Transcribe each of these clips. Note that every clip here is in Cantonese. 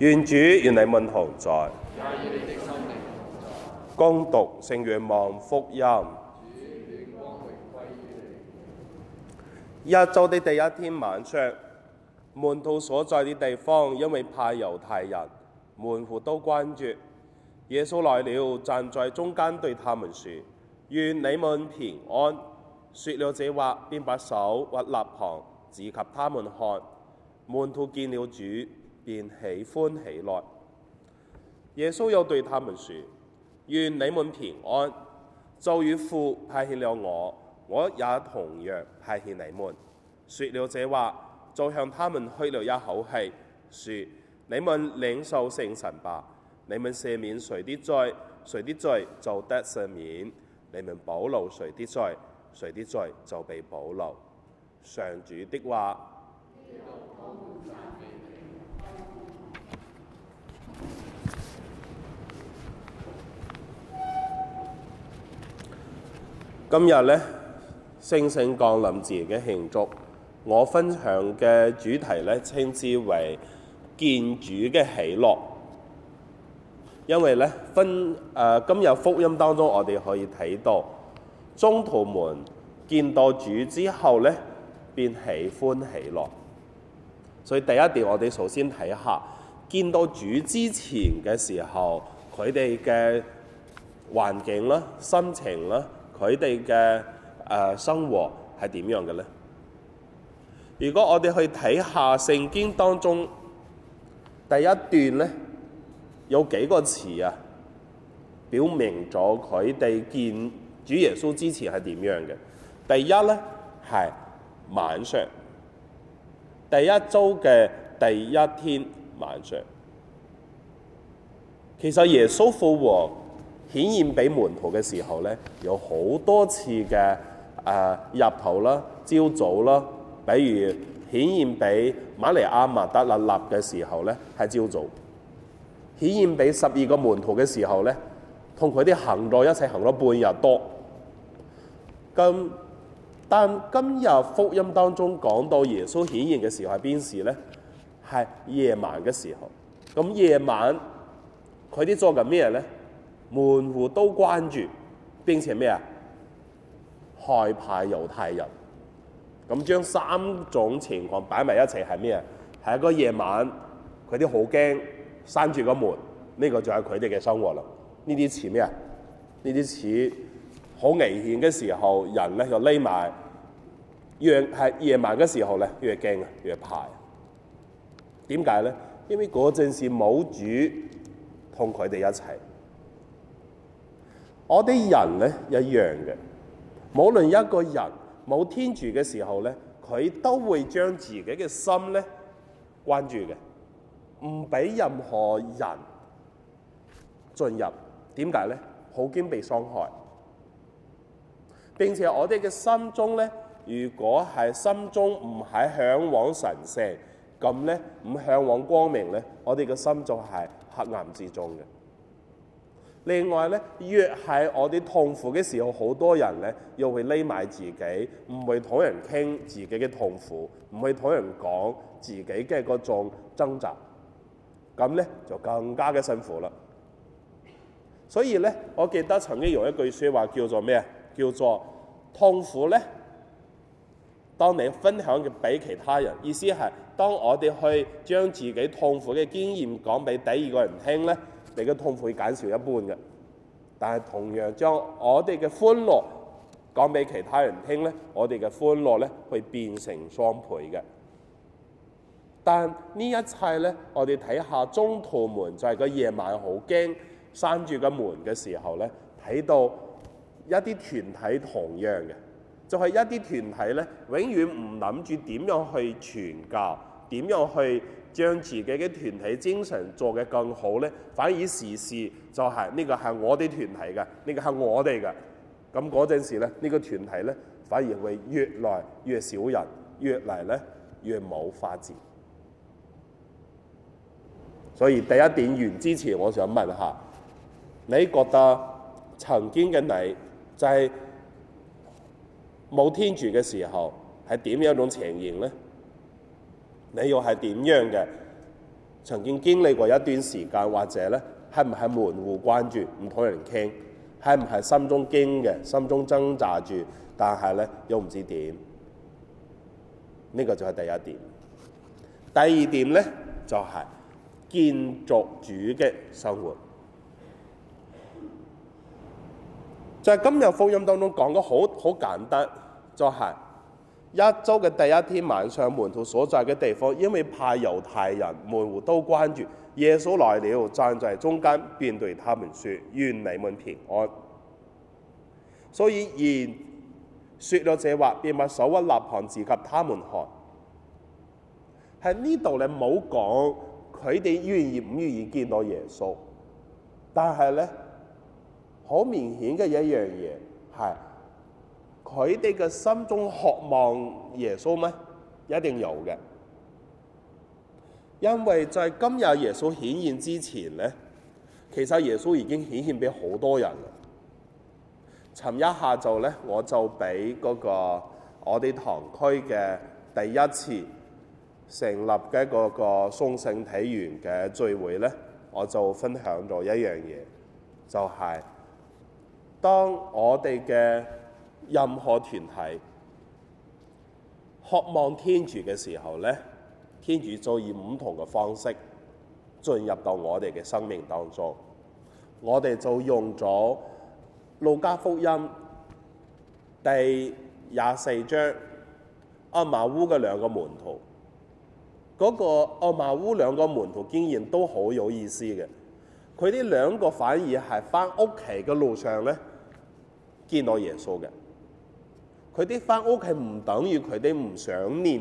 願主與你們同在。恭讀聖若望福音。一周的第一天晚上，門徒所在的地方，因為怕猶太人，門戶都關住。耶穌來了，站在中間對他們說：願你們平安。說了這話，便把手和肋膀，指給他們看。門徒見了主。便喜歡起來。耶穌又對他們說：願你們平安！就如父派遣了我，我也同樣派遣你們。說了這話，就向他們噓了一口氣，說：你們領受聖神吧。你們赦免誰的罪，誰的罪就得赦免；你們保留誰的罪，誰的罪就被保留。上主的話。 今日咧星星降臨節嘅慶祝，我分享嘅主題咧稱之為見主嘅喜樂。因為咧分誒、呃、今日福音當中，我哋可以睇到，中徒們見到主之後咧，便喜歡喜樂。所以第一點，我哋首先睇下見到主之前嘅時候，佢哋嘅環境啦、心情啦。佢哋嘅誒生活係點樣嘅咧？如果我哋去睇下聖經當中第一段咧，有幾個詞啊，表明咗佢哋見主耶穌之前係點樣嘅？第一咧，係晚上，第一週嘅第一天晚上。其實耶穌復活，顯現俾門徒嘅時候咧，有好多次嘅誒、呃、日頭啦、朝早啦，比如顯現俾馬利亞、瑪達肋納嘅時候咧，係朝早；顯現俾十二個門徒嘅時候咧，同佢啲行路一齊行咗半日多。咁但今日福音當中講到耶穌顯現嘅時候係邊時咧？係夜晚嘅時候。咁夜晚佢啲做緊咩咧？門戶都關住，變成咩啊？害怕猶太人。咁將三種情況擺埋一齊係咩啊？係一個夜晚，佢啲好驚，閂住個門。呢個就係佢哋嘅生活啦。呢啲似咩啊？呢啲似好危險嘅時候，人咧就匿埋。夜係夜晚嘅時候咧，越驚啊，越怕。點解咧？因為嗰陣時冇主同佢哋一齊。我哋人咧一樣嘅，無論一個人冇天主嘅時候咧，佢都會將自己嘅心咧關住嘅，唔俾任何人進入。點解咧？好驚被傷害。並且我哋嘅心中咧，如果係心中唔係向往神聖，咁咧唔向往光明咧，我哋嘅心就係黑暗之中嘅。另外咧，越係我哋痛苦嘅時候，好多人咧，又會匿埋自己，唔會同人傾自己嘅痛苦，唔會同人講自己嘅嗰種掙扎，咁咧就更加嘅辛苦啦。所以咧，我記得曾經有一句説話叫做咩啊？叫做痛苦咧，當你分享嘅俾其他人，意思係當我哋去將自己痛苦嘅經驗講俾第二個人聽咧。你嘅痛苦會減少一半嘅，但係同樣將我哋嘅歡樂講俾其他人聽，呢我哋嘅歡樂呢會變成雙倍嘅。但呢一切呢，我哋睇下中途門就係個夜晚好驚，閂住個門嘅時候呢，睇到一啲團體同樣嘅，就係一啲團體呢永遠唔諗住點樣去傳教，點樣去。將自己嘅團體精神做嘅更好咧，反而時時就係、是、呢、這個係我哋團體嘅，呢、這個係我哋嘅。咁嗰陣時咧，呢個團體咧反而會越來越少人，越嚟咧越冇發展。所以第一點完之前，我想問下，你覺得曾經嘅你就係、是、冇天主嘅時候係點樣一種情形咧？你又係點樣嘅？曾經經歷過一段時間，或者咧，係唔係門戶關住，唔同人傾，係唔係心中驚嘅，心中掙扎住，但係咧，又唔知點？呢個就係第一點。第二點咧，就係見作主嘅生活。就係、是、今日福音當中講得，好好簡單，就係、是。一周嘅第一天晚上，門徒所在嘅地方，因為怕猶太人，門戶都關住。耶穌來了，站在中間，便對他們說：願你們平安。所以言說了這話，便把手和肋膀，指給他們看。喺呢度你冇講佢哋願意唔願意見到耶穌，但係咧，好明顯嘅一樣嘢係。佢哋嘅心中渴望耶穌咩？一定有嘅，因為在今日耶穌顯現之前咧，其實耶穌已經顯現俾好多人。尋一下就咧，我就俾嗰、那個我哋堂區嘅第一次成立嘅嗰個送聖體員嘅聚會咧，我就分享咗一樣嘢，就係、是、當我哋嘅。任何團體渴望天主嘅時候咧，天主就以唔同嘅方式進入到我哋嘅生命當中。我哋就用咗路加福音第廿四章阿馬烏嘅兩個門徒，嗰個阿馬烏兩個門徒經驗都好有意思嘅。佢呢兩個反而係翻屋企嘅路上咧，見到耶穌嘅。佢哋翻屋企唔等於佢哋唔想念、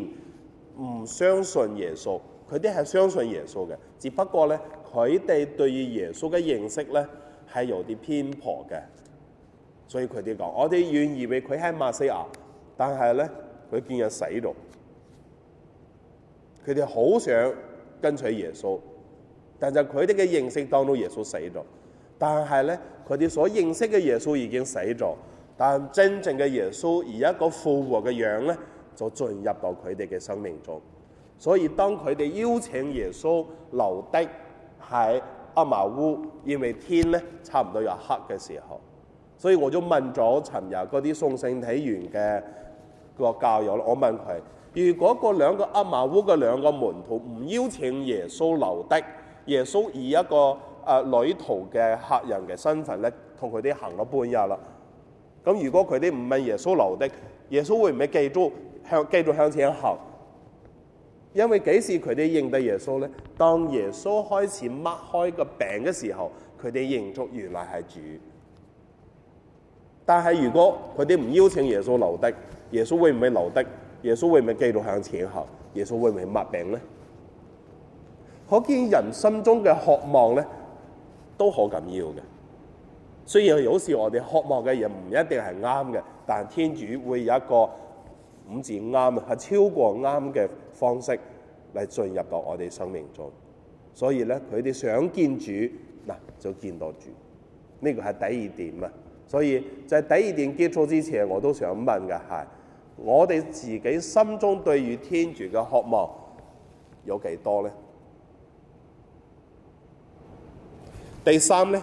唔相信耶穌。佢哋係相信耶穌嘅，只不過咧，佢哋對於耶穌嘅認識咧係有啲偏頗嘅。所以佢哋講：我哋原以為佢係默西亞，但係咧佢竟然死咗。佢哋好想跟隨耶穌，但就佢哋嘅認識當中，耶穌死咗。但係咧，佢哋所認識嘅耶穌已經死咗。但真正嘅耶穌而一個復活嘅樣子呢，就進入到佢哋嘅生命中。所以當佢哋邀請耶穌留低喺阿馬烏，因為天呢差唔多有黑嘅時候，所以我就問咗尋日嗰啲送聖體員嘅個教友。我問佢：如果個兩個阿馬烏嘅兩個門徒唔邀請耶穌留低，耶穌以一個誒旅途嘅客人嘅身份呢，同佢哋行咗半日啦。咁如果佢哋唔問耶穌留的，耶穌會唔會繼續向繼續向前行？因為幾時佢哋認得耶穌咧？當耶穌開始擘開個餅嘅時候，佢哋認出原來係主。但係如果佢哋唔邀請耶穌留的，耶穌會唔會留的？耶穌會唔會繼續向前行？耶穌會唔會擘餅咧？可見人心中嘅渴望咧，都好緊要嘅。雖然有時我哋渴望嘅嘢唔一定係啱嘅，但係天主會有一個五字啱啊，係超過啱嘅方式嚟進入到我哋生命中。所以咧，佢哋想見主嗱就見到主，呢個係第二點啊。所以在第二點結束之前，我都想問嘅係：我哋自己心中對於天主嘅渴望有幾多咧？第三咧？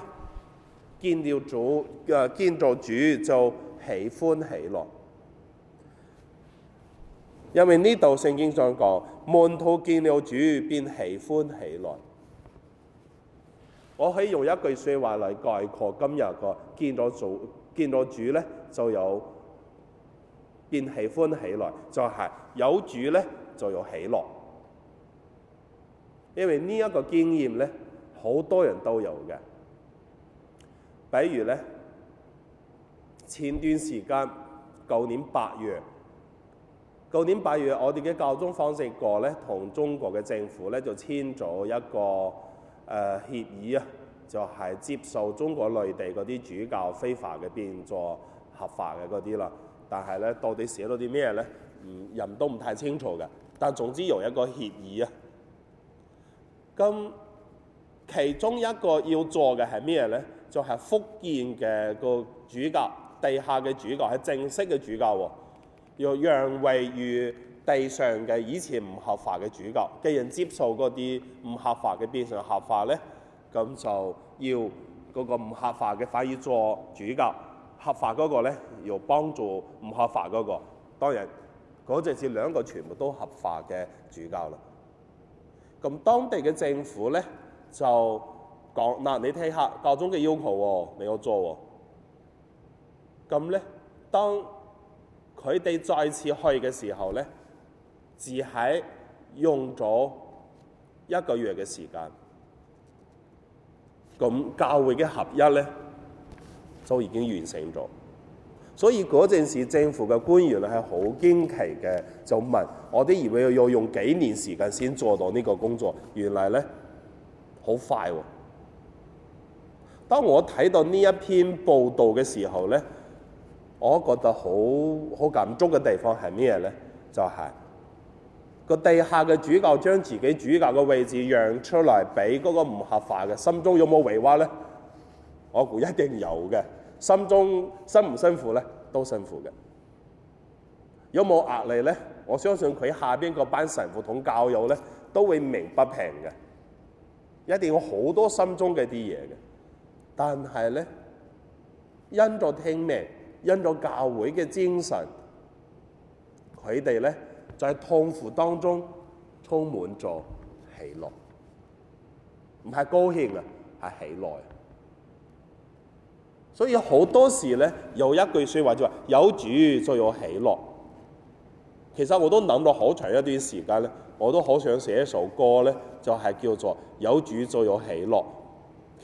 見了主嘅，見到主就喜歡喜樂，因為呢度聖經上講，門徒見了主便喜歡喜樂。我可以用一句說話嚟概括今日個見咗主，見到主咧就有便喜歡喜樂，就係有主咧就有喜樂，因為呢一個經驗咧，好多人都有嘅。比如咧，前段時間，舊年八月，舊年八月，我哋嘅教宗方濟各咧，同中國嘅政府咧，就簽咗一個誒、呃、協議啊，就係、是、接受中國內地嗰啲主教、非法嘅變作合法嘅嗰啲啦。但係咧，到底寫咗啲咩咧？唔人都唔太清楚嘅。但係總之有一個協議啊，咁其中一個要做嘅係咩咧？就係、是、福建嘅個主教，地下嘅主教係正式嘅主教喎，要讓位於地上嘅以前唔合法嘅主教，既然接受嗰啲唔合法嘅變成合法咧，咁就要嗰個唔合法嘅反而做主教，合法嗰個咧要幫助唔合法嗰、那個，當然嗰陣時兩個全部都合法嘅主教啦。咁當地嘅政府咧就。講嗱、啊，你聽下教宗嘅要求喎、哦，你有做喎、哦。咁咧，當佢哋再次去嘅時候咧，只喺用咗一個月嘅時間。咁教會嘅合一咧，就已經完成咗。所以嗰陣時政府嘅官員係好驚奇嘅，就問：我哋要要用幾年時間先做到呢個工作？原來咧，好快喎、哦！當我睇到呢一篇報導嘅時候咧，我覺得好好感觸嘅地方係咩咧？就係、是、個地下嘅主教將自己主教嘅位置讓出嚟俾嗰個唔合法嘅，心中有冇委屈咧？我估一定有嘅。心中辛唔辛苦咧？都辛苦嘅。有冇壓力咧？我相信佢下邊個班神父同教友咧都會鳴不平嘅，一定有好多心中嘅啲嘢嘅。但係咧，因咗聽命，因咗教會嘅精神，佢哋咧就係痛苦當中充滿咗喜樂，唔係高興啊，係喜樂。所以好多時咧有一句説話就話有主就有喜樂。其實我都諗咗好長一段時間咧，我都好想寫一首歌咧，就係、是、叫做有主就有喜樂。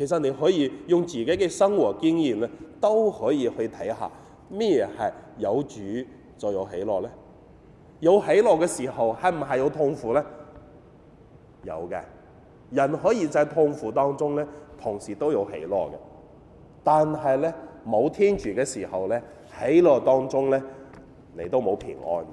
其實你可以用自己嘅生活經驗咧，都可以去睇下咩係有主就有喜樂咧。有喜樂嘅時候，係唔係有痛苦咧？有嘅人可以在痛苦當中咧，同時都有喜樂嘅。但係咧，冇天主嘅時候咧，喜樂當中咧，你都冇平安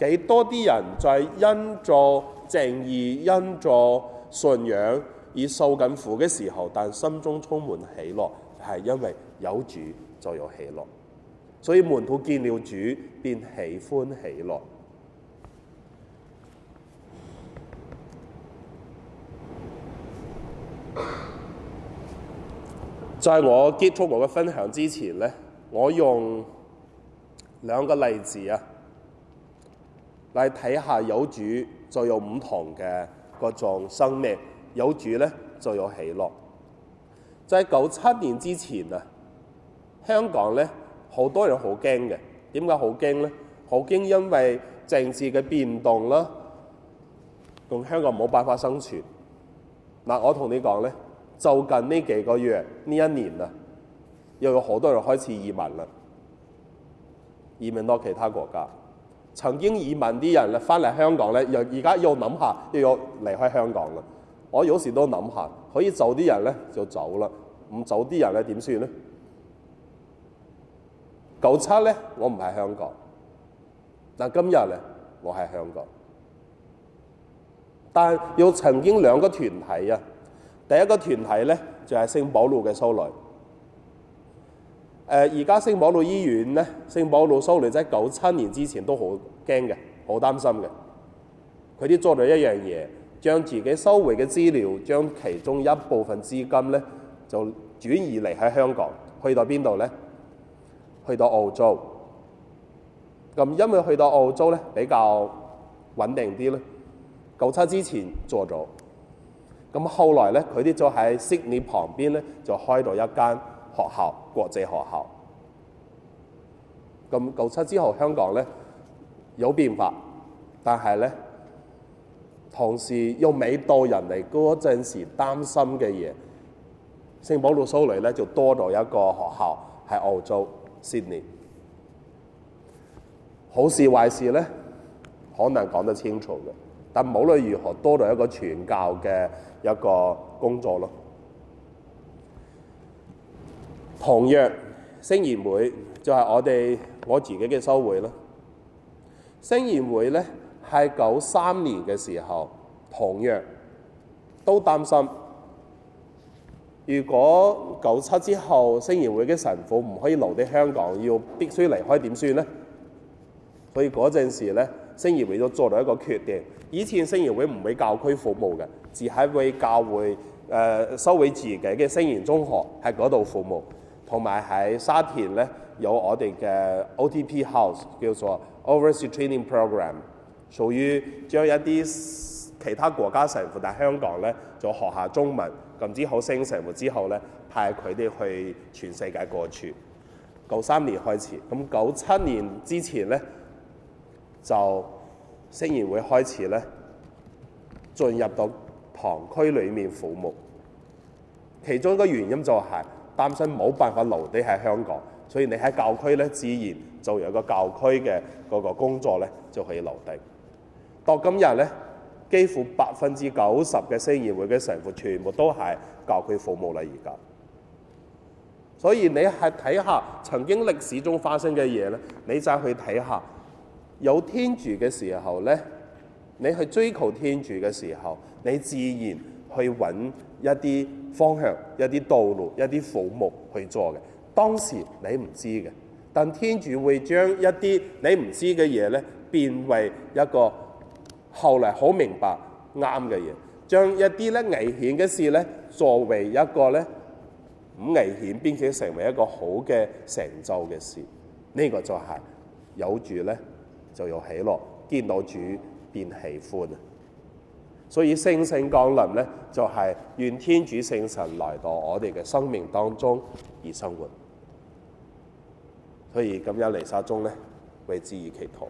嘅。幾多啲人就係因著正義、因著信仰。而受緊苦嘅時候，但心中充滿喜樂，係因為有主就有喜樂。所以門徒見了主，便喜歡喜樂。在我結束我嘅分享之前呢，我用兩個例子啊，嚟睇下有主就有唔同嘅各種生命。有主咧就有喜樂。就喺九七年之前啊，香港咧好多人好驚嘅。點解好驚咧？好驚，因為政治嘅變動啦，同香港冇辦法生存。嗱，我同你講咧，就近呢幾個月呢一年啊，又有好多人開始移民啦，移民到其他國家。曾經移民啲人咧翻嚟香港咧，又而家要諗下又要離開香港啦。我有時都諗下，可以走啲人咧就走啦，唔走啲人咧點算咧？九七咧我唔喺香港，但今日咧我喺香港。但又曾經兩個團體啊，第一個團體咧就係、是、聖保祿嘅修女。誒而家聖保祿醫院咧，聖保祿修女喺九七年之前都好驚嘅，好擔心嘅。佢哋做咗一樣嘢。將自己收回嘅資料，將其中一部分資金咧，就轉移嚟喺香港。去到邊度咧？去到澳洲。咁因為去到澳洲咧比較穩定啲咧。九七之前做咗，咁後來咧佢哋就喺悉尼旁邊咧就開咗一間學校，國際學校。咁九七之後香港咧有變化，但係咧。同時又未到人哋嗰陣時擔心嘅嘢，聖保羅蘇黎咧就多咗一個學校喺澳洲悉尼。好事壞事咧，可能講得清楚嘅，但無論如何，多咗一個傳教嘅一個工作咯。同樣聖言會就係我哋我自己嘅修會啦。聖言會咧。係九三年嘅時候，同樣都擔心，如果九七之後，聖言會嘅神父唔可以留喺香港，要必須離開點算咧？所以嗰陣時咧，聖言會都做咗一個決定。以前聖言會唔會教區服務嘅，只係會教會誒、呃、收佢自己嘅聖言中學喺嗰度服務，同埋喺沙田咧有我哋嘅 OTP House 叫做 Overseas Training Program。屬於將一啲其他國家神父，但香港咧就學下中文，咁之後升神父之後咧派佢哋去全世界各處。九三年開始，咁九七年之前咧就仍然會開始咧進入到堂區裡面服務。其中一個原因就係擔心冇辦法留低喺香港，所以你喺教區咧自然就有個教區嘅嗰個工作咧就可以留低。到今日咧，幾乎百分之九十嘅聖言會嘅成員，全部都係教區服務啦。而家，所以你係睇下曾經歷史中發生嘅嘢咧，你再去睇下有天主嘅時候咧，你去追求天主嘅時候，你自然去揾一啲方向、一啲道路、一啲服務去做嘅。當時你唔知嘅，但天主會將一啲你唔知嘅嘢咧，變為一個。後嚟好明白啱嘅嘢，將一啲咧危險嘅事咧，作為一個咧唔危險，並且成為一個好嘅成就嘅事，呢個就係有主，咧就有喜樂，見到主便喜歡啊！所以聖神降臨咧，就係願天主聖神來到我哋嘅生命當中而生活。所以咁樣離沙中咧為之而祈禱。